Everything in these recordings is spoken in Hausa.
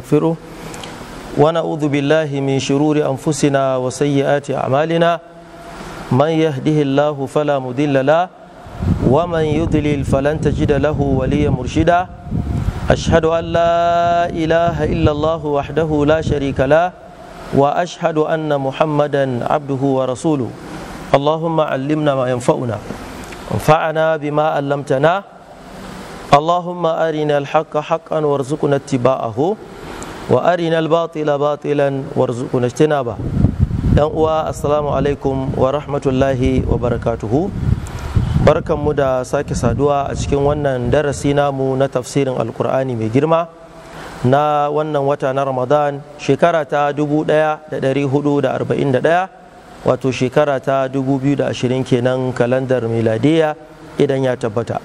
نستغفره ونعوذ بالله من شرور أنفسنا وسيئات أعمالنا من يهده الله فلا مضل له ومن يضلل فلن تجد له وليا مرشدا أشهد أن لا إله إلا الله وحده لا شريك له وأشهد أن محمدا عبده ورسوله اللهم علمنا ما ينفعنا وانفعنا بما علمتنا اللهم أرنا الحق حقا وارزقنا اتباعه wa arinal batila batilan warzuqna ijtinaba yan uwa assalamu alaikum wa rahmatullahi wa barakatuhu barkanmu da sake saduwa a cikin wannan darasi namu na tafsirin alkur'ani mai girma na wannan wata na ramadan shekara ta 1441 wato shekara ta 2020 kenan kalandar miladiya idan ya tabbata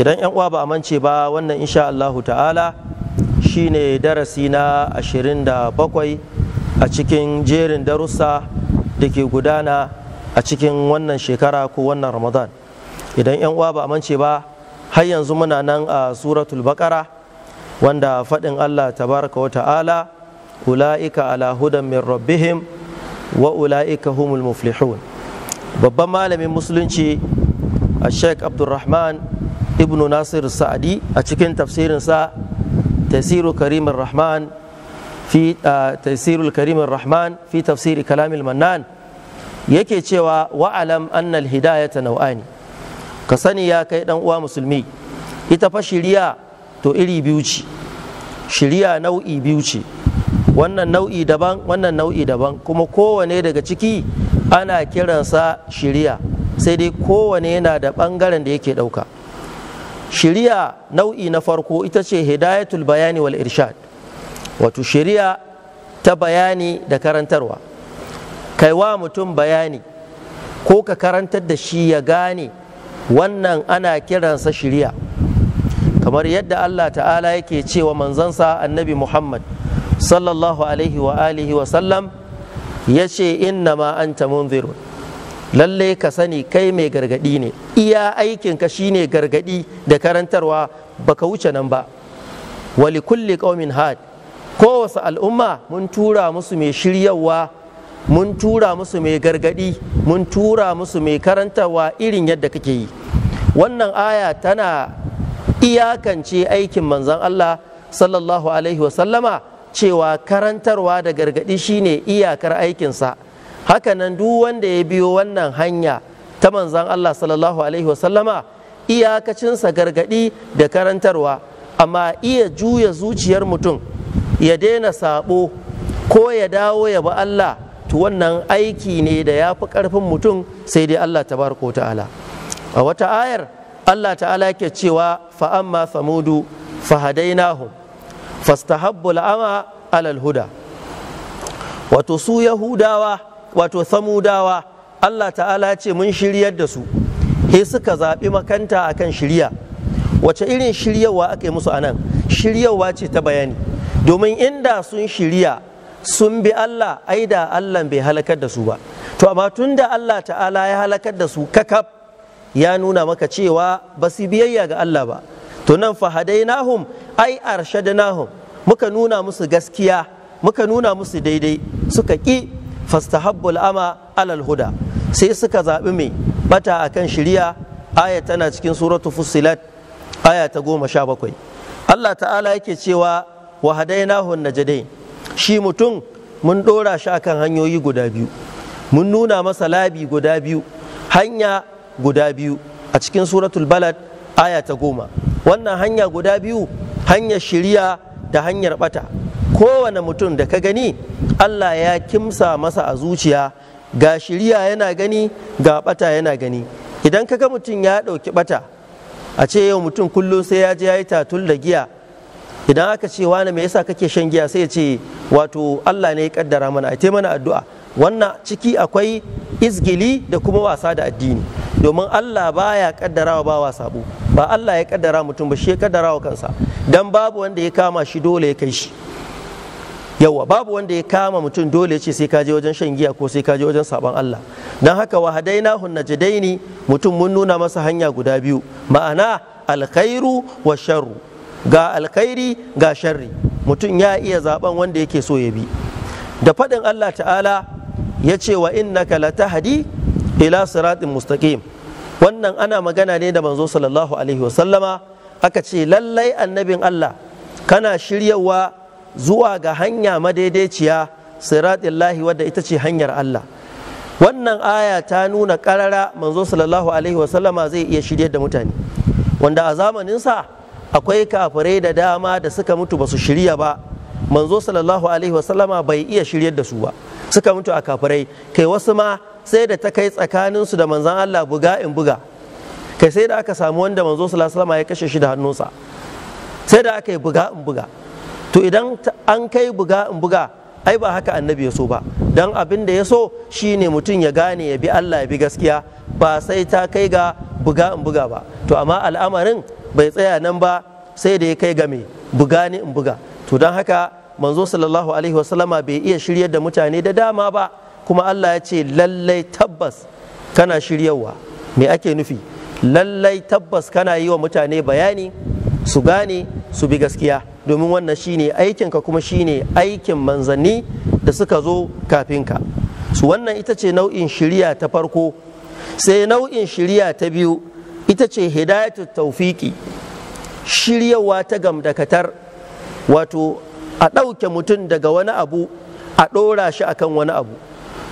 idan yan uwa ba a mance ba wannan insha Allahu ta'ala shine darasi na 27 a cikin jerin darussa da ke gudana a cikin wannan shekara ko wannan ramadan idan 'yan uwa ba mance ba har yanzu muna nan a suratul bakara wanda faɗin allah tabaraka wa ta'ala ula'ika ala hudan min rabbihim wa ula'ika humul muflihun babban malamin musulunci a sheikh abdulrahman ibnu nasir sa'adi a cikin tafsirinsa تيسير كريم الرحمن في تيسير الكريم الرحمن في تفسير كلام المنان yake cewa wa'alam annal hidayata nau'ani ka sani ya kai ɗan uwa musulmi ita fa shiriya to iri biyu ce shiriya nau'i biyu ce wannan nau'i daban wannan nau'i daban kuma kowane daga ciki ana kiransa shiriya sai dai kowane yana da ɓangaren da yake ɗauka. shiriya nau'i na farko ita ce hidayatul bayani wal irshad wato shiriya ta bayani da karantarwa Kai wa mutum bayani ko ka karantar da shi ya gane wannan ana kiransa shiriya kamar yadda Allah ta'ala yake cewa manzansa annabi Muhammad sallallahu alaihi wa alihi wa sallam ya ce inna ma anta munzirun lalle ka sani kai mai gargadi ne iya aikinka shine gargadi da karantarwa baka wuce nan ba wali kulli qaumin had kowace al'umma mun tura musu mai shiryawa mun tura musu mai gargadi mun tura musu mai karantarwa irin yadda kake yi wannan aya tana iyakance aikin manzon Allah sallallahu alaihi wasallama cewa karantarwa da gargadi shine iyakar aikinsa hakanan duk wanda ya biyo wannan hanya ta manzan Allah sallallahu alaihi wasallama iyakacinsa gargadi da karantarwa amma iya juya zuciyar mutum ya daina sabo ko ya dawo ya bi Allah to wannan aiki ne da ya fi ƙarfin mutum sai dai Allah tabaraka ta'ala a wata ayar Allah ta'ala ke cewa fa amma samudu fa hadainahum fastahabbu al'ama alal huda wato su yahudawa wato samudawa Allah ta'ala ce mun shiryar da su he suka zaɓi makanta a kan shirya wace irin shiryarwa aka yi musu anan shiryarwa ce ta bayani domin inda sun shirya sun bi Allah ai da Allah bai halakar da su ba to amma tun Allah ta'ala ya halakar da su kakaf ya nuna maka cewa ba su biyayya ga Allah ba to nan fa nahum ai arshadnahum muka nuna musu gaskiya muka nuna musu daidai suka ƙi fastahabbul ama alal huda sai suka zaɓi mai bata kan shiriya aya tana cikin suratu fussilat aya ta goma sha bakwai Allah ta'ala yake cewa wa hadainahu najdain shi mutum mun ɗora shi akan hanyoyi guda biyu mun nuna masa labi guda biyu hanya guda biyu a cikin suratul balad aya ta goma wannan hanya guda biyu hanyar shiriya da hanyar bata kowane mutum da ka gani Allah ya kimsa masa a zuciya ga shiriya yana gani ga bata yana gani idan ka ga mutum ya ɗauki bata a ce yau mutum kullum sai ya je ya yi tatul da giya idan aka ce wani me yasa kake shan giya sai ya ce wato Allah ne ya kaddara mana a mana addu'a wannan ciki akwai izgili da kuma wasa da addini domin Allah baya wa bawa sabo ba Allah ya kaddara mutum ba shi ya wa kansa dan babu wanda ya kama shi dole ya kai shi yawa babu wanda ya kama mutum dole ce sai kaje wajen shan giya ko sai kaje wajen saban Allah dan haka wa hadaina hun najdaini mutum mun nuna masa hanya guda biyu ma'ana alkhairu wa sharru ga alkhairi ga sharri mutum ya iya zaben wanda yake so ya bi da faɗin Allah ta'ala ya ce wa innaka latahdi ila siratin mustaqim wannan ana magana ne da manzo sallallahu alaihi wasallama aka ce lallai annabin Allah kana shiryawa zuwa ga hanya madaidaiciya siratillahi wadda ita ce hanyar Allah wannan aya ta nuna karara manzo sallallahu alaihi wasallama zai iya shirye da mutane wanda a zamaninsa akwai kafirai da dama da suka mutu ba su shirya ba manzo sallallahu alaihi wasallama bai iya shiryar da su ba suka mutu a kafirai kai wasu ma sai da ta kai tsakaninsu da manzan Allah buga in buga kai sai da aka samu wanda manzo sallallahu alaihi wasallama ya kashe shi da hannunsa sai da aka yi buga in buga to idan an kai buga in buga ai ba haka annabi ya so ba don abin da ya so shi ne mutum ya gane ya bi Allah ya bi gaskiya ba sai ta kai ga buga in buga ba to amma al'amarin bai tsaya nan ba sai da ya kai ga mai buga ni in buga to don haka manzo sallallahu alaihi wasallama bai iya shiryar da mutane da dama ba kuma Allah ya ce lallai tabbas kana shiryarwa me ake nufi lallai tabbas kana yi wa mutane bayani su gane su bi gaskiya domin wannan shine aikinka kuma shine aikin manzanni da suka zo kafin ka su wannan ita ce nau'in shiriya ta farko sai nau'in shiriya ta biyu ita ce hidayatu taufiki shiryawa ta gamdakatar wato a ɗauke mutum daga wani abu a ɗora shi akan wani abu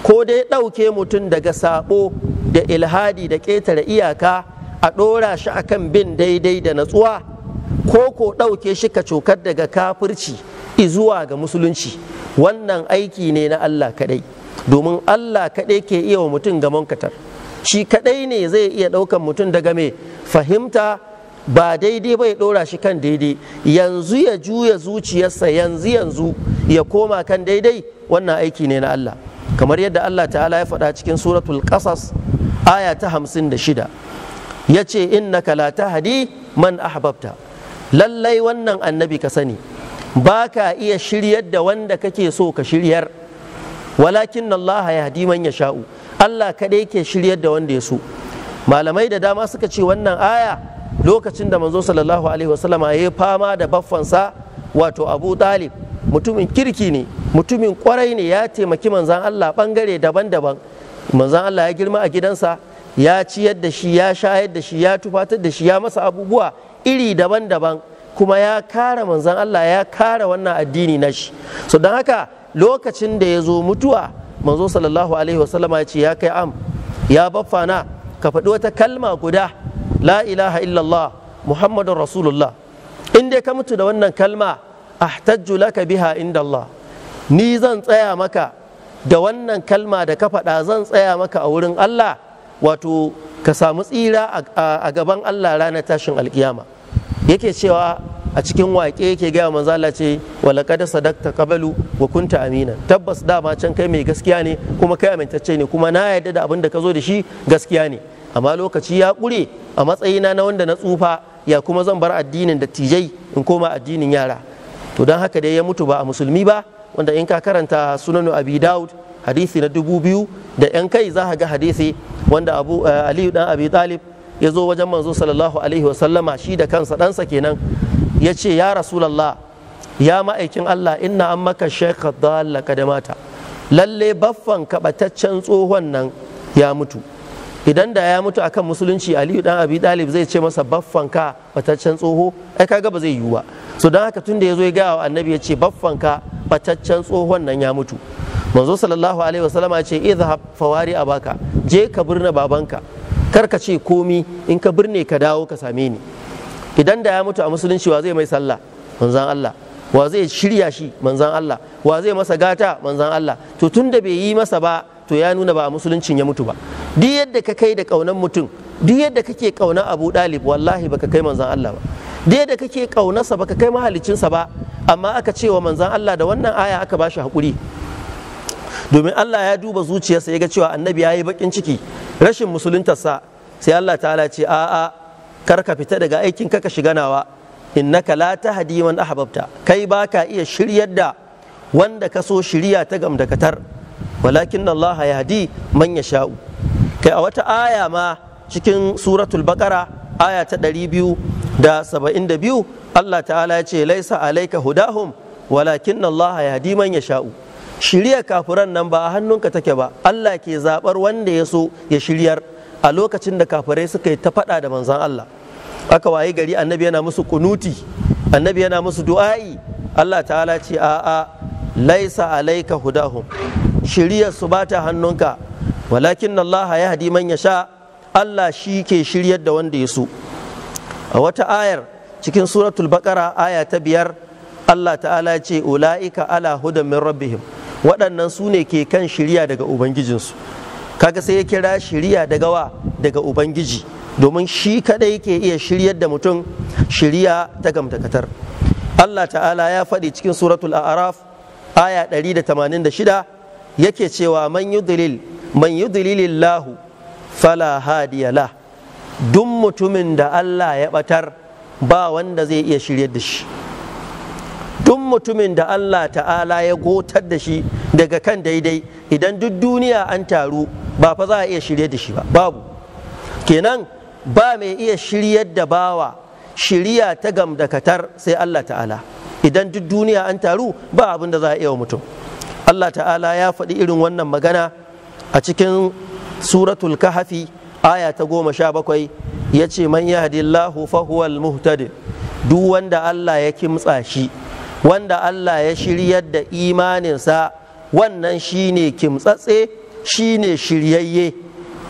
ko dai ɗauke mutum daga saɓo da ilhadi da ƙetare iyaka a ɗora shi akan bin daidai da natsuwa ko ko ɗauke shi ka cokar daga kafirci zuwa ga musulunci wannan aiki ne na Allah kaɗai domin Allah kaɗai ke iya wa mutum gamon katar shi kaɗai ne zai iya ɗaukan mutum daga mai fahimta ba daidai bai ɗora shi kan daidai yanzu ya juya zuciyarsa yanzu yanzu ya koma kan daidai wannan aiki ne na Allah kamar yadda Allah ta'ala ya faɗa cikin suratul qasas aya ta hamsin da shida ya ce innaka la tahdi man ahbabta lallai wannan annabi ka sani ba ka iya shiryar da wanda kake so ka shiryar walakin Allah ya hadi man ya sha'u Allah kaɗai ke shiryar da wanda ya so malamai da dama suka ce wannan aya lokacin da manzo sallallahu alaihi wasallam ya fama da baffansa wato abu talib mutumin kirki ne mutumin kwarai ne ya taimaki manzan Allah bangare daban-daban manzan Allah ya girma a gidansa ya ciyar da shi ya shayar da shi ya tufatar da shi ya masa abubuwa iri daban-daban kuma ya kara manzan Allah ya kara wannan addini na shi so don haka lokacin da ya zo mutuwa manzo sallallahu alaihi wasallama ya ce ya kai am ya baffana ka faɗi wata kalma guda la ilaha illallah muhammadun rasulullah in dai ka mutu da wannan kalma ahtajju laka biha inda Allah ni zan tsaya maka da wannan kalma da ka faɗa zan tsaya maka a wurin Allah wato ka samu tsira a gaban Allah ranar tashin alkiyama yake cewa a cikin waƙe yake gaya manzo Allah ce walaqad sadaqta qabalu wa kunta amina tabbas dama can kai mai gaskiya ne kuma kai amintacce ne kuma na yarda da abin da ka zo da shi gaskiya ne amma lokaci ya ƙure a matsayina na wanda na tsufa ya kuma zan bar addinin dattijai in koma addinin yara to don haka dai ya mutu ba a musulmi ba wanda in ka karanta sunanu abi daud hadisi na dubu biyu da yan kai za ga hadisi wanda abu eh, aliyu dan abi talib ya zo wajen manzo sallallahu alaihi wasallama shi da kansa ɗansa kenan ya ce ya rasulallah ya ma'aikin allah inna an maka shekha dalla kadamata lalle baffan kabataccen tsohon nan ya mutu idan da ya mutu akan musulunci aliyu dan abi dalib zai ce masa baffan ka bataccen tsoho ai kaga ba zai yiwu ba so don haka da ya zo ya gaya wa annabi ya ce baffan ka bataccen tsohon nan ya mutu manzo sallallahu alaihi wasallama ce idhhab fawari abaka je ka birne babanka kar ka ce komi in ka birne ka dawo ka same ni idan da ya mutu a musulunci wa zai mai sallah manzan Allah wa zai shirya shi manzan Allah wa zai masa gata manzan Allah to tun bai yi masa ba to ya nuna ba a musuluncin ya mutu ba duk yadda ka kai da kaunan mutum duk yadda kake kauna Abu Dalib wallahi baka kai manzan Allah ba duk yadda kake kaunarsa baka kai mahalicinsa ba amma aka ce wa manzan Allah da wannan aya aka bashi hakuri domin Allah ya duba zuciyarsa ya ga cewa annabi ya yi bakin ciki rashin musuluntarsa sai Allah ta'ala ce a'a kar ka fita daga aikin ka ka shiga nawa innaka la tahdi man ahbabta kai baka iya shiryar da wanda ka so shirya ta gamdakatar walakin Allah yahdi man yasha'u kai a wata aya ma cikin suratul baqara aya ta 272 Allah ta'ala ya ce laisa alaika hudahum walakin Allah yahdi man yasha'u shirya kafiran nan ba a hannunka take ba Allah ke zabar wanda ya so ya shiryar a lokacin da kafurai suka yi ta faɗa da manzan Allah aka waye gari annabi yana musu kunuti annabi yana musu du'a'i Allah ta'ala ce a'a laisa alaika hudahum shirya su ba ta hannunka walakin Allah ya hadi man yasha Allah shi ke shiryar da wanda ya so a wata ayar cikin suratul baqara aya ta biyar Allah ta'ala ce ula'ika ala hudan min rabbihim waɗannan su ne ke kan shirya daga ubangijinsu kaga sai ya kira shirya daga wa daga ubangiji domin shi kaɗai ke iya shiryar da mutum shirya ta gamtakatar Allah ta'ala ya faɗi cikin suratul a'raf aya 186 yake cewa man yudlil man yudlilillahu fala hadiya la duk mutumin da Allah ya batar ba wanda zai iya shiryar da shi mutumin da Allah ta'ala ya gotar da shi daga kan daidai idan duk duniya an taru ba fa za a iya shirye da shi ba babu kenan ba mai iya shiryar da bawa shirya ta gamdakatar sai Allah ta'ala idan duk duniya an taru ba abin da za a iya wa mutum Allah ta'ala ya faɗi irin wannan magana a cikin suratul kahafi aya ta goma sha bakwai ya ce man yahdillahu huwal muhtadi duk wanda Allah ya kimtsa shi wanda Allah ya shiryar da imaninsa wannan shine kimtsatse shine shiryayye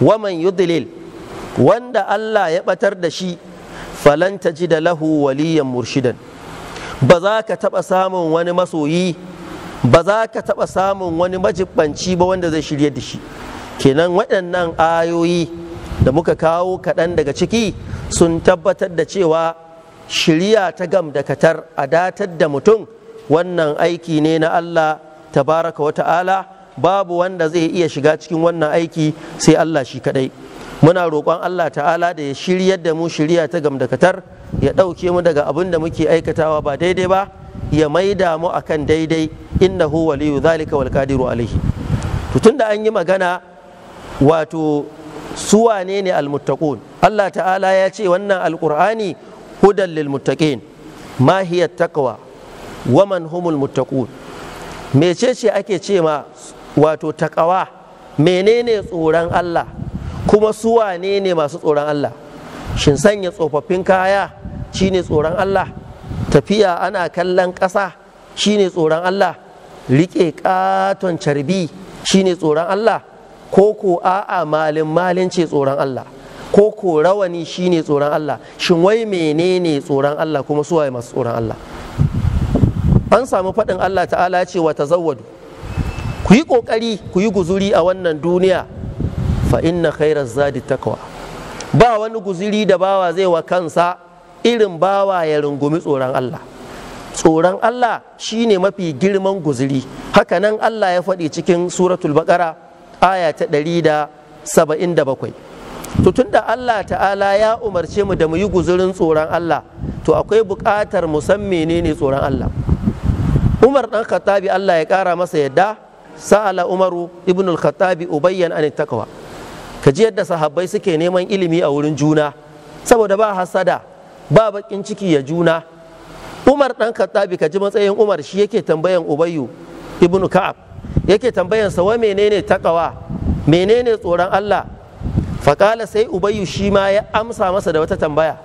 waman yudlil wanda Allah ya batar da shi falan ji da lahu waliyan murshidan ba za ka taɓa samun wani masoyi ba za ka taɓa samun wani majibbanci ba wanda zai shirya da shi kenan waɗannan ayoyi da muka kawo kaɗan daga ciki sun tabbatar da cewa shirya ta gam da katar a datar da mutum wannan aiki ne na Allah tabaraka wa ta'ala babu wanda zai iya shiga cikin wannan aiki sai Allah shi kadai muna roƙon Allah ta'ala da ya shiryar da mu shirya ta gam da katar ya ɗauke mu daga abin da muke aikatawa ba daidai ba ya maida mu akan daidai innahu waliyu zalika wal qadiru alaihi to tunda an yi magana wato su wanene ne almuttaqun Allah ta'ala ya ce wannan alqur'ani هدى للمتقين ما هي التقوى ومن هم المتقون mecece ake ce ma wato takawa menene tsoron Allah kuma su wane ne masu tsoron Allah shin sanya tsofaffin kaya shine tsoron Allah tafiya ana kallon ƙasa shine tsoron Allah riƙe ƙaton carbi shine tsoron Allah ko ko a'a malin malin ce tsoron Allah ko ko rawani shine tsoron Allah shin wai menene tsoron Allah kuma su waye masu tsoron Allah an samu faɗin Allah ta'ala ce wa tazawwadu ku yi ƙoƙari ku yi guzuri a wannan duniya fa inna khairar zadi takwa ba wani guzuri da bawa zai wa kansa irin bawa ya rungumi tsoron Allah tsoron Allah shine mafi girman guzuri nan Allah ya faɗi cikin suratul baqara aya ta 177 to tunda Allah ta'ala ya umarce mu da mu yi guzurin tsoron Allah to akwai buƙatar mu san menene tsoron Allah Umar dan Khattabi Allah ya ƙara masa yadda sa'ala Umaru ibn al-Khattabi ubayyan an taqwa ka yadda sahabbai suke neman ilimi a wurin juna saboda ba hasada ba bakin ciki ya juna Umar dan Khattabi kaji matsayin Umar shi yake tambayan Ubayyu ibn Ka'ab yake tambayan sa wa menene taqwa menene tsoron Allah faƙala sai ubayyu shi ma ya amsa masa da wata tambaya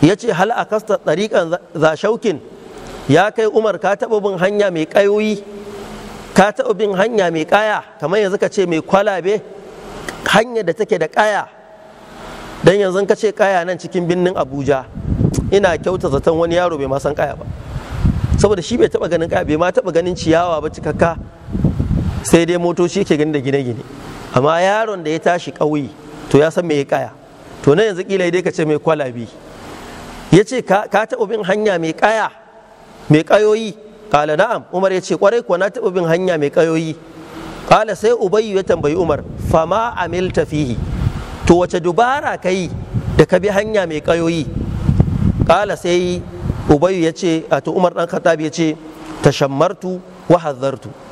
ya ce hal a kasta ɗariƙan za shaukin ya kai umar ka taɓa bin hanya mai ƙayoyi ka taɓa bin hanya mai ƙaya kamar yanzu ka ce mai kwalabe hanya da take da ƙaya don yanzu ka ce ƙaya nan cikin birnin abuja ina kyauta zaton wani yaro bai ma ƙaya ba saboda shi bai taɓa ganin ƙaya bai ma taɓa ganin ciyawa ba cikakka sai dai motoci ke gani da gine-gine amma yaron da ya tashi ƙauye to ya san me ya kaya to na yanzu kila dai ka ce mai kwalabi ya ce ka taɓa bin hanya mai kaya mai kayoyi kala na'am umar ya ce kwarai kuwa na taɓa bin hanya mai kayoyi kala sai Ubayu ya tambayi umar fama amilta tafihi to wace dubara ka yi da ka bi hanya mai kayoyi kala sai Ubayu ya ce a to umar dan khattab ya ce tashammartu wa hazzartu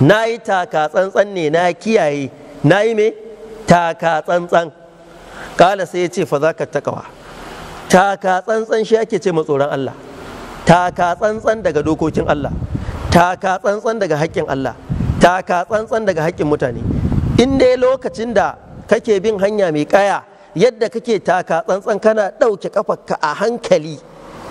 na yi taka tsantsan ne na kiyaye na yi me taka tsantsan kala sai ya ce fa za ka takawa taka tsantsan shi ake ce matsoron Allah taka tsantsan daga dokokin Allah taka tsantsan daga haƙƙin Allah taka tsantsan daga haƙƙin mutane in dai lokacin da kake bin hanya mai kaya yadda kake taka tsantsan kana ɗauke kafarka a hankali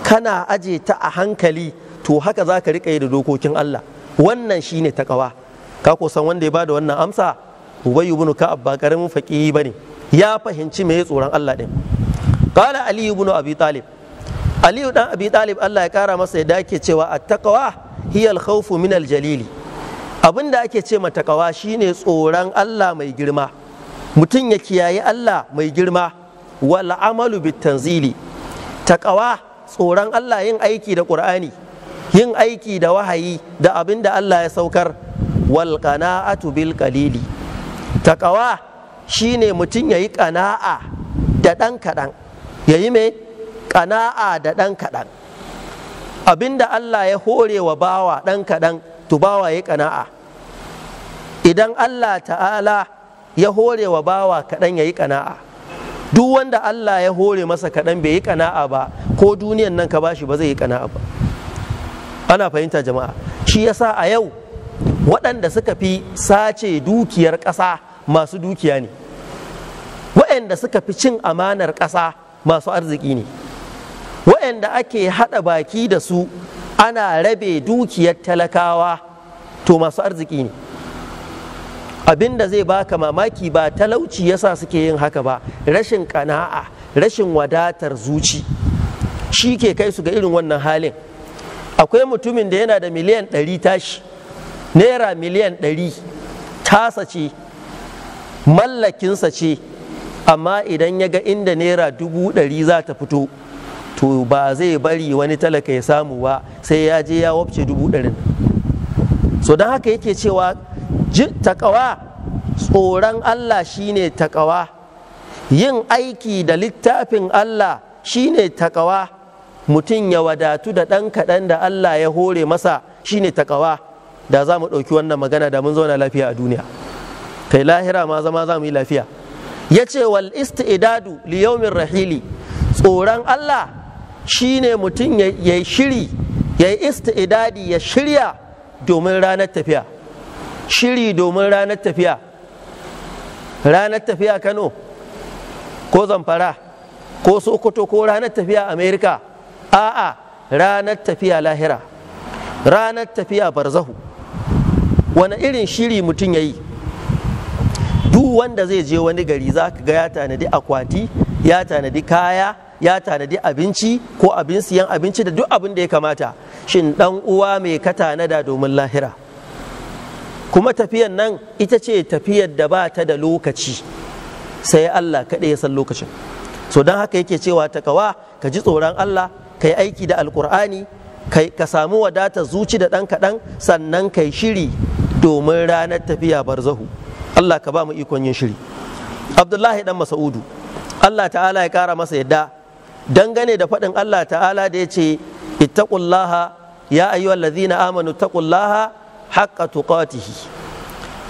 kana aje ta a hankali to haka za ka riƙa yi da dokokin Allah wannan shine takawa ka ko san wanda ya bada wannan amsa ubay ibn ka'ab ba karamin faqihi bane ya fahimci me tsoron Allah din qala ali ibn abi talib ali dan abi talib Allah ya kara masa ya dake cewa at-taqwa hiya al-khawfu min al jalil abinda ake ce mata taqwa shine tsoron Allah mai girma mutum ya kiyaye Allah mai girma wal amalu bit tanzili taqwa tsoron Allah yin aiki da Qur'ani yin aiki da wahayi da abin da Allah ya saukar wal bil qalili taqawa shine mutum yayi qana'a da dan kadan yayi me qana'a da dan kadan abin da Allah ya hore wa bawa dan kadan to bawa yayi qana'a idan Allah ta'ala ya hore wa bawa kadan yayi qana'a duk wanda Allah ya hore masa kaɗan bai yi ƙana'a ba ko duniyan nan ka bashi ba zai yi ƙana'a ba ana fahimta jama'a shi yasa a yau waɗanda suka fi sace dukiyar ƙasa masu dukiya ne waɗanda suka fi cin amanar ƙasa masu arziki ne waɗanda ake haɗa baki da su ana rabe dukiyar talakawa to masu arziki ne abinda zai baka mamaki ba talauci yasa suke yin haka ba rashin ƙana'a rashin wadatar zuci shi ke kai su ga irin wannan halin akwai mutumin da yana da miliyan ɗari tashi naira miliyan ɗari tasa ce mallakinsa ce amma idan ya ga inda naira dubu ɗari za ta fito to ba zai bari wani talaka ya samu ba sai ya je ya wabce dubu ɗarin so don haka yake cewa takawa tsoron Allah shine takawa yin aiki da littafin Allah shine takawa mutum ya wadatu da ɗan kaɗan da Allah ya hore masa shine takawa da za mu ɗauki wannan magana da mun zauna lafiya a duniya kai lahira ma zama za mu yi lafiya ya ce wal istidadu li yawmin rahili tsoron Allah shine mutum ya shiri ya yi istidadi ya shirya domin ranar tafiya shiri domin ranar tafiya ranar tafiya Kano ko Zamfara ko Sokoto ko ranar tafiya Amerika a'a ranar tafiya lahira ranar tafiya barzahu wani irin shiri mutum ya yi duk wanda zai je wani gari za ka ga ya tanadi akwati ya tanadi kaya ya tanadi abinci ko abin siyan abinci da duk abin da ya kamata shin dan uwa mai ka tanada domin lahira kuma tafiyan nan ita ce tafiyar da ba ta da lokaci sai Allah kaɗai ya san lokacin so don haka yake cewa ta kawa ka ji tsoron Allah ka yi aiki da alkur'ani ka samu wadata zuci da ɗan kaɗan sannan ka yi shiri domin ranar tafiya barzahu Allah ka ba mu ikon yin shiri Abdullahi dan Masa'udu. Allah ta'ala ya ƙara masa yadda dangane da faɗin Allah ta'ala da ya ce ittaqullaha ya na amanu taqullaha haqqa tuqatihi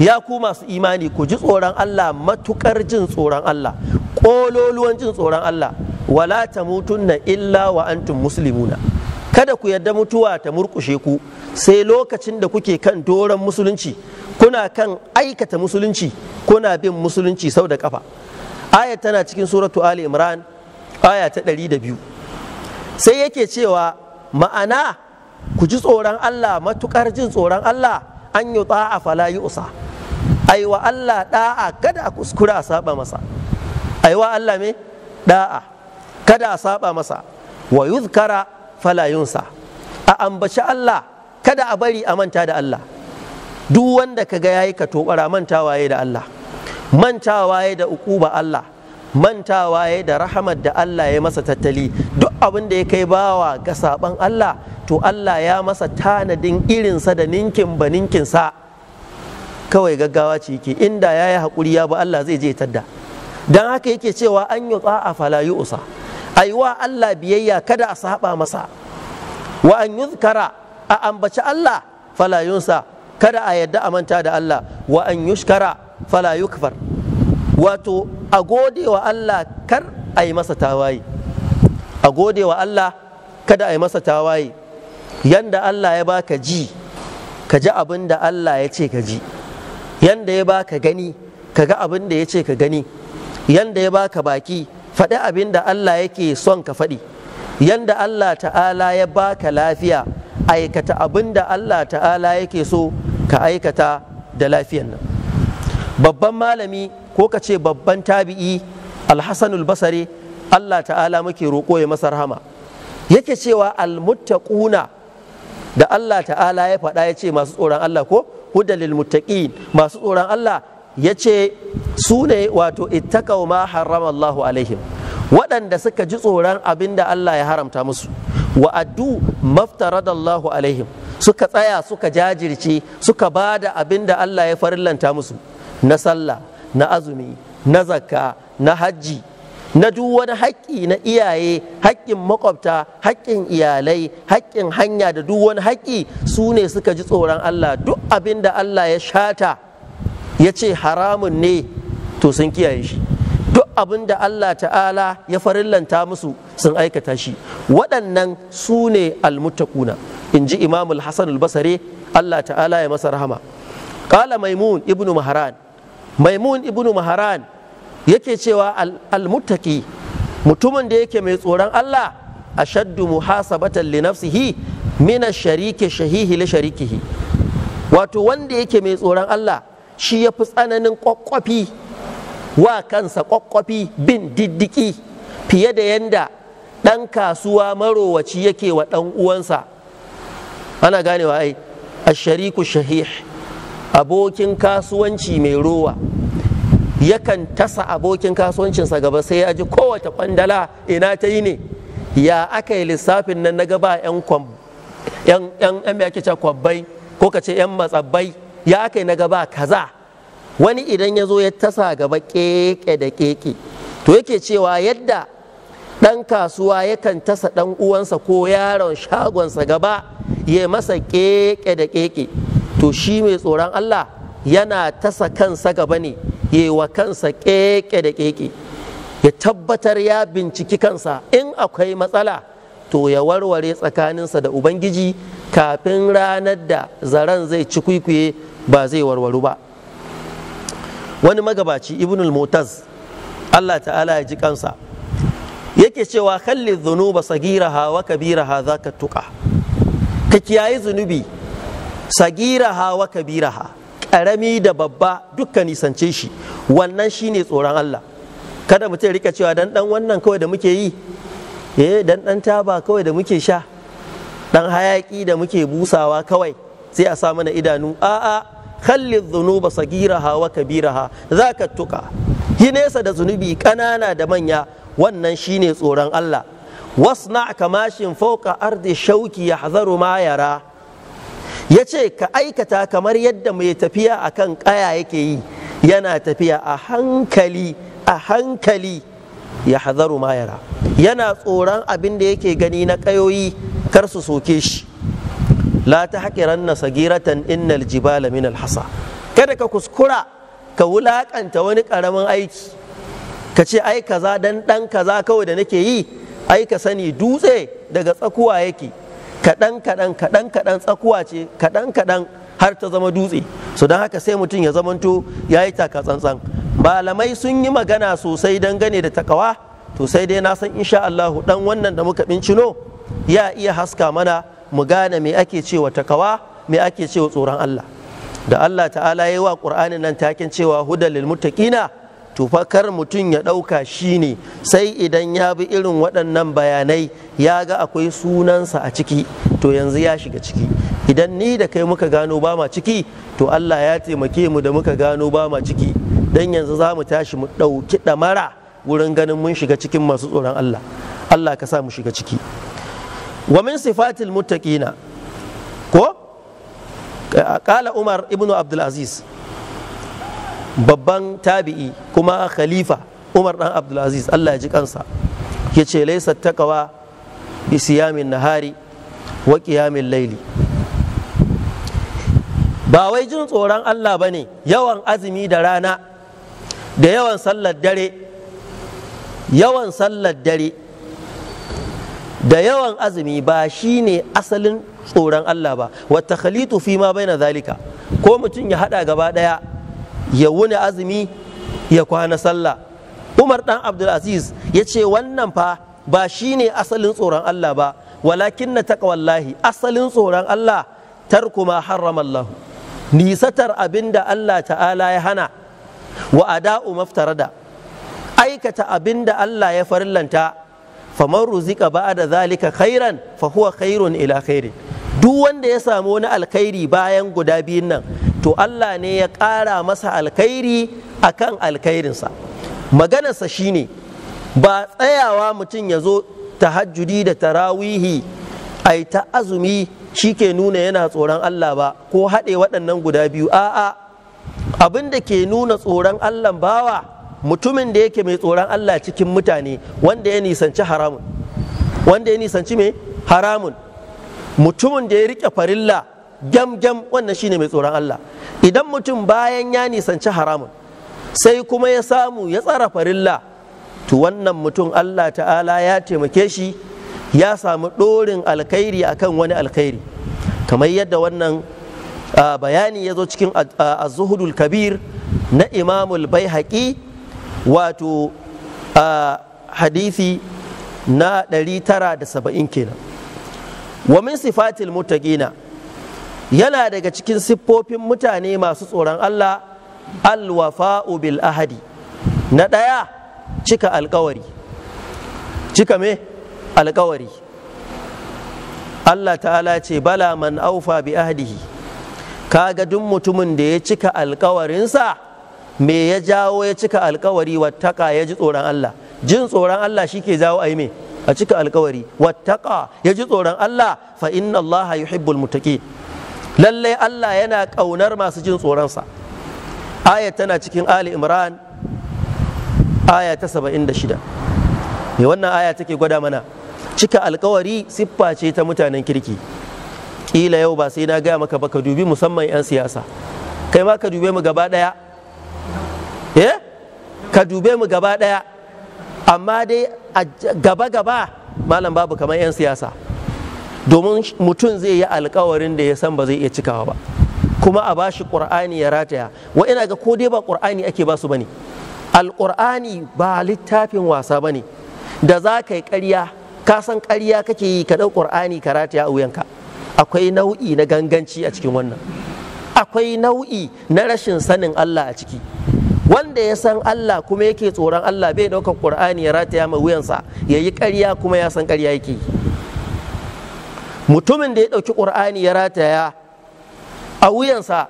ya ku masu imani ku ji tsoron Allah matuƙar jin tsoron Allah ƙololuwan jin tsoron Allah wala ta mutunna illa wa antum muslimuna kada ku yadda mutuwa ta murkushe ku sai lokacin da kuke kan doron musulunci kuna kan aikata musulunci kuna bin musulunci sau da kafa aya tana cikin suratu ali imran aya ta ɗari da biyu. sai yake cewa ma'ana ku ji tsoron Allah matukar jin tsoron Allah an yi ta'a fala yi usa aiwa Allah da'a kada a kuskura a saba masa aiwa Allah me da'a kada a saba masa wa yuzkara fala yunsa a ambaci Allah kada a bari a manta da Allah duk wanda kaga yayi ka tobara manta yayi da Allah mantawa yayi da ukuba Allah mantawa yayi da rahamar da Allah ya masa tattali duk abin da ya kai bawa ga saban Allah to Allah ya masa tanadin irinsa da ninkin ba ninkinsa kawai gaggawa ce yake inda ya yi hakuri, ya ba Allah zai je tadda dan haka yake cewa an yi a fala usa aiwa Allah biyayya kada a saba masa wa an yuzkara a ambaci Allah fala yunsa kada a yadda a manta da Allah wa an yushkara fala wato a gode wa Allah kar a yi masa tawaye a gode wa Allah kada a yi masa tawaye yanda Allah ya baka ji ka ji abin da Allah ya ce ka ji yanda ya baka gani ka ga abin da ya ce ka gani yanda ya baka baki faɗi abin da Allah yake son ka faɗi yanda Allah ta'ala ya baka lafiya aikata abin da Allah ta'ala yake so ka aikata da lafiyan nan babban malami ko ka ce babban tabi'i alhassanul basari Allah ta'ala muke roƙo ya masa rahama yake cewa almuttaquna da Allah ta'ala ya faɗa ya ce masu tsoron Allah ko hudalil muttaqin masu tsoron Allah ya ce su ne wato ittakau ma harrama Allahu alaihim waɗanda suka ji tsoron abin da Allah ya haramta musu wa addu maftaradallahu alaihim suka tsaya suka jajirce suka ba da abin da Allah ya farillanta musu na sallah na azumi na zakka na hajji na duk wani haƙƙi na iyaye haƙƙin makwabta haƙƙin iyalai haƙƙin hanya da duk wani haƙƙi su ne suka ji tsoron Allah duk abin da Allah ya shata ya ce haramun ne to sun kiyaye shi duk abin da Allah ta'ala ya farillanta musu sun aikata shi waɗannan su ne almuttaquna in ji imamul hasan al Allah ta'ala ya masa rahama Ƙala maimun Ibn maharan maimun ibnu maharan yake cewa almuttaqi mutumin da yake mai tsoron Allah ashaddu muhasabatan li nafsihi min sharike shahihi li sharikihi wato wanda yake mai tsoron Allah shi ya fi tsananin kwakwafi wa kansa kwakwafi bin diddiki fiye da yanda ɗan kasuwa marowaci yake wa ɗan uwansa ana ganewa ai ashariku shahih abokin kasuwanci mai rowa yakan tasa abokin kasuwancinsa gaba sai ya ji kowace kwandala ina ta yi ne ya aka yi lissafin nan na gaba 'yan yan yan kwabbai ko ka ce 'yan matsabbai ya aka yi na gaba kaza wani idan ya zo ya tasa gaba keke da keke to yake cewa yadda ɗan kasuwa yakan tasa ɗan uwansa ko yaron shagonsa gaba ya masa keke da keke to shi mai tsoron Allah yana tasa kansa gaba ne ya wa kansa keke da keke ya tabbatar ya binciki kansa in akwai matsala to ya warware tsakaninsa da ubangiji kafin ranar da zaren zai ci kwikwiye ba zai warwaru ba wani magabaci ibnul motas Allah ta'ala ya ji kansa yake cewa kalli zunuba sagiraha wa kabiraha za ka tuka ka kiyayi zunubi sagiraha wa kabiraha ƙarami da babba duka nisance shi wannan shine tsoron Allah kada mutum rika cewa dan dan wannan kawai da muke yi eh dan dan taba kawai da muke sha dan hayaki da muke busawa kawai sai a sa mana idanu a'a khalli dhunuba sagiraha wa kabiraha zaka tuka yi nesa da zunubi ƙanana da manya wannan shine tsoron Allah wasna kamashin fauka ardi shauki ya hazaru ma yara yace ka aikata kamar yadda mai tafiya akan ƙaya yake yi yana tafiya a hankali a hankali ya hazaru ma yara yana tsoron abin da yake gani na ƙayoyi kar su soke shi la ta haƙiranna sagiratan innal jibala min alhasa kada ka kuskura ka wulaƙanta wani ƙaramin aiki ka ce ai kaza dan ɗan kaza kawai da nake yi ai ka sani dutse daga tsakuwa yake kaɗan kaɗan kaɗan kaɗan tsakuwa ce kaɗan kaɗan har ta zama dutse so don haka sai mutum ya zamanto ya yi taka tsantsan malamai sun yi magana sosai dangane da takawa to sai dai na san insha Allah dan wannan da muka bincino ya iya haska mana mu gane me ake cewa takawa me ake cewa tsoron Allah da Allah ta'ala yi wa ƙuranin nan takin cewa hudal lil tufakar mutum ya ɗauka shi ne sai idan ya bi irin waɗannan bayanai ya ga akwai sunansa a ciki to yanzu ya shiga ciki idan ni da kai muka gano ba ma ciki to Allah ya taimake mu da muka gano ba ma ciki dan yanzu za mu tashi mu ɗauki ɗamara wurin ganin mun shiga cikin masu tsoron Allah Allah ka sa mu shiga ciki wa min sifatil muttaqina ko kala umar ibn abdulaziz babban tabi'i kuma khalifa umar dan abdulaziz allah ya ji kansa ya ce laisa takawa bi siyamin nahari wa qiyamin laili ba wai jin tsoron allah bane. yawan azumi da rana da yawan sallar dare yawan sallar dare da yawan azumi ba shi ne asalin tsoron Allah ba wata khalitu fi ma bai na zalika ko mutum ya haɗa gaba ɗaya ya wuni azumi ya kwana sallah umar ɗan abdulaziz ya ce wannan fa ba shi ne asalin tsoron Allah ba walakin na taƙawallahi asalin tsoron Allah tarku ma haramallahu nisatar abin da Allah ta'ala ya hana wa ada'u maftarada aikata abin da Allah ya farillanta faman ruzika da zalika khairan fa huwa khairun ila khairi duk wanda ya samu wani alkhairi bayan guda biyun nan to Allah ne ya ƙara masa alkhairi akan alkhairinsa maganarsa shine ba tsayawa mutum ya zo tahajjudi da tarawihi ai ta azumi shi ke nuna yana tsoron Allah ba ko haɗe waɗannan guda biyu a'a abin da ke nuna tsoron Allah bawa mutumin da yake mai tsoron Allah cikin mutane wanda ya nisanci haramun wanda ya nisanci mai haramun mutumin da ya rike farilla gem gam wannan shine mai tsoron Allah idan mutum bayan ya nisanci haramun sai kuma ya samu ya tsara farilla to wannan mutum Allah ta'ala ya taimake shi ya samu ɗorin alkhairi akan wani alkhairi kamar yadda wannan ah, bayani ya zo cikin azuhudul ah, ah, kabir na imamul bai wato a hadisi na 970 kenan wa min sifatil muttaqina yana daga cikin siffofin mutane masu tsoron Allah alwafa'u bil ahadi na ɗaya cika alkawari cika me alkawari Allah ta'ala ce bala man aufa bi ahdihi kaga duk mutumin da ya cika alkawarinsa me ya jawo ya cika alkawari wattaka ya ji tsoron Allah jin tsoron Allah shi ke jawo yi me a cika alkawari wattaka ya ji tsoron Allah fa inna Allah yuhibbul muttaqin Lallai Allah yana kaunar masu jin tsoronsa aya tana cikin Ali Imran aya ta 76 me wannan aya take gwada mana cika alkawari siffa ce ta mutanen kirki kila yau ba sai na gaya maka ba ka dubi musamman 'yan siyasa kai ma ka dube mu gaba ɗaya? Eh? ka dube mu gaba ɗaya amma dai gaba gaba malam babu kamar 'yan siyasa domin mutum zai yi alkawarin da ya san ba zai iya cikawa ba kuma a ba shi ƙur'ani ya rataya wa ina ga ko dai ba ƙur'ani ake basu ne? alƙur'ani ba littafin wasa ba ne. da za ka yi ƙarya ka san ƙarya kake yi ka ɗau ƙur'ani ka rataya a wuyanka akwai nau'i na ganganci a cikin wannan akwai nau'i na rashin sanin Allah a ciki wanda ya san Allah kuma yake tsoron Allah bai ɗaukar Qur'ani ya rataya ma wuyansa ya yi ƙarya kuma ya san ƙarya yake mutumin da ya ɗauki Qur'ani ya rataya a wuyansa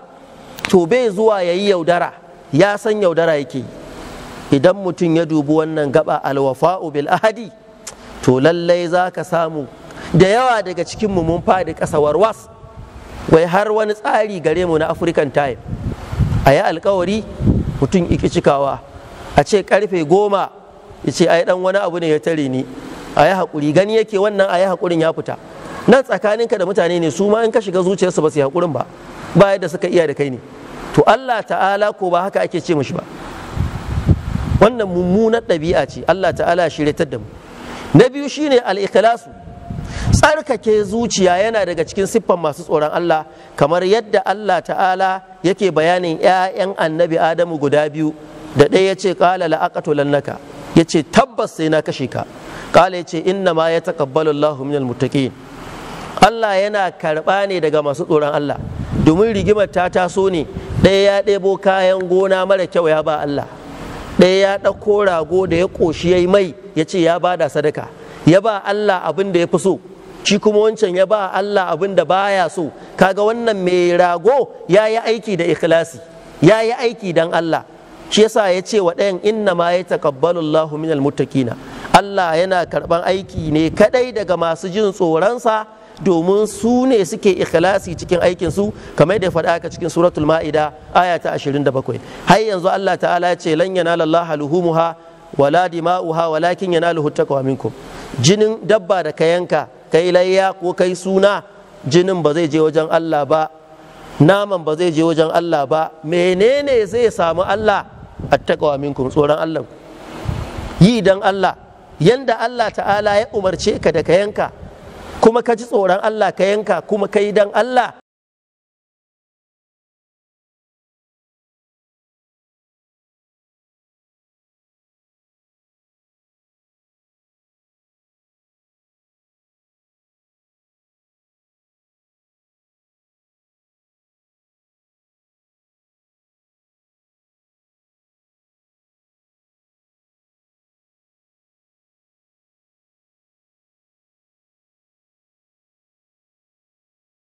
to bai zuwa ya yi yaudara ya san yaudara yake idan mutum ya dubi wannan gaba alwafa'u bil ahadi to lallai za ka samu da yawa daga cikinmu mun faɗi ƙasa warwas wai har wani tsari gare mu na african time a yi alkawari mutum iki cikawa a ce karfe goma ya ce ai dan wani abu ne ya tare ni a yi haƙuri gani yake wannan a yi haƙurin ya fita nan tsakaninka da mutane ne su ma in ka shiga zuciyarsu ba su yi haƙurin ba ba yadda suka iya da kai ne to Allah ta'ala ko ba haka ake ce mishi ba wannan mummunar ɗabi'a ce Allah ta'ala shiryatar da mu na biyu shine al-ikhlasu tsarkake zuciya yana daga cikin siffan masu tsoron Allah kamar yadda Allah ta'ala yake bayanin 'ya'yan annabi Adamu guda biyu da ɗaya ya ce ƙala la'aƙatulan lannaka ya ce tabbas sai na kashe ka ƙala ya ce inna ma ya taƙabbalu Allahu minal Allah yana karɓa ne daga masu tsoron Allah domin rigimar ta taso ne ɗaya ya ɗebo kayan gona mara kyau ya ba Allah ɗaya ya ɗauko rago da ya ƙoshi ya yi mai ya ce ya bada sadaka ya ba Allah abin da ya fi so shi kuma wancan ya ba Allah abin da ba ya so kaga wannan mai rago ya yi aiki da ikhlasi ya yi aiki don Allah shi yasa ya ce wa ɗayan inna ma ya taƙabbalu Allahu minal muttaqina Allah yana karɓan aiki ne kaɗai daga masu jin tsoronsa domin su ne suke ikhlasi cikin aikinsu kamar da faɗa aka cikin suratul ma'ida aya ta 27 har yanzu Allah ta'ala ya ce lan yanala Allah luhumuha wala dima'uha walakin yanaluhu taqwa minkum jinin dabba da ka yanka. kai layya ko kai suna jinin ba zai je wajen Allah ba naman ba zai je wajen Allah ba menene zai samu Allah attaqwa minkum tsoron Allah yi dan Allah yanda Allah ta'ala ya umarce ka da ka yanka kuma ka ji tsoron Allah ka yanka kuma kai dan Allah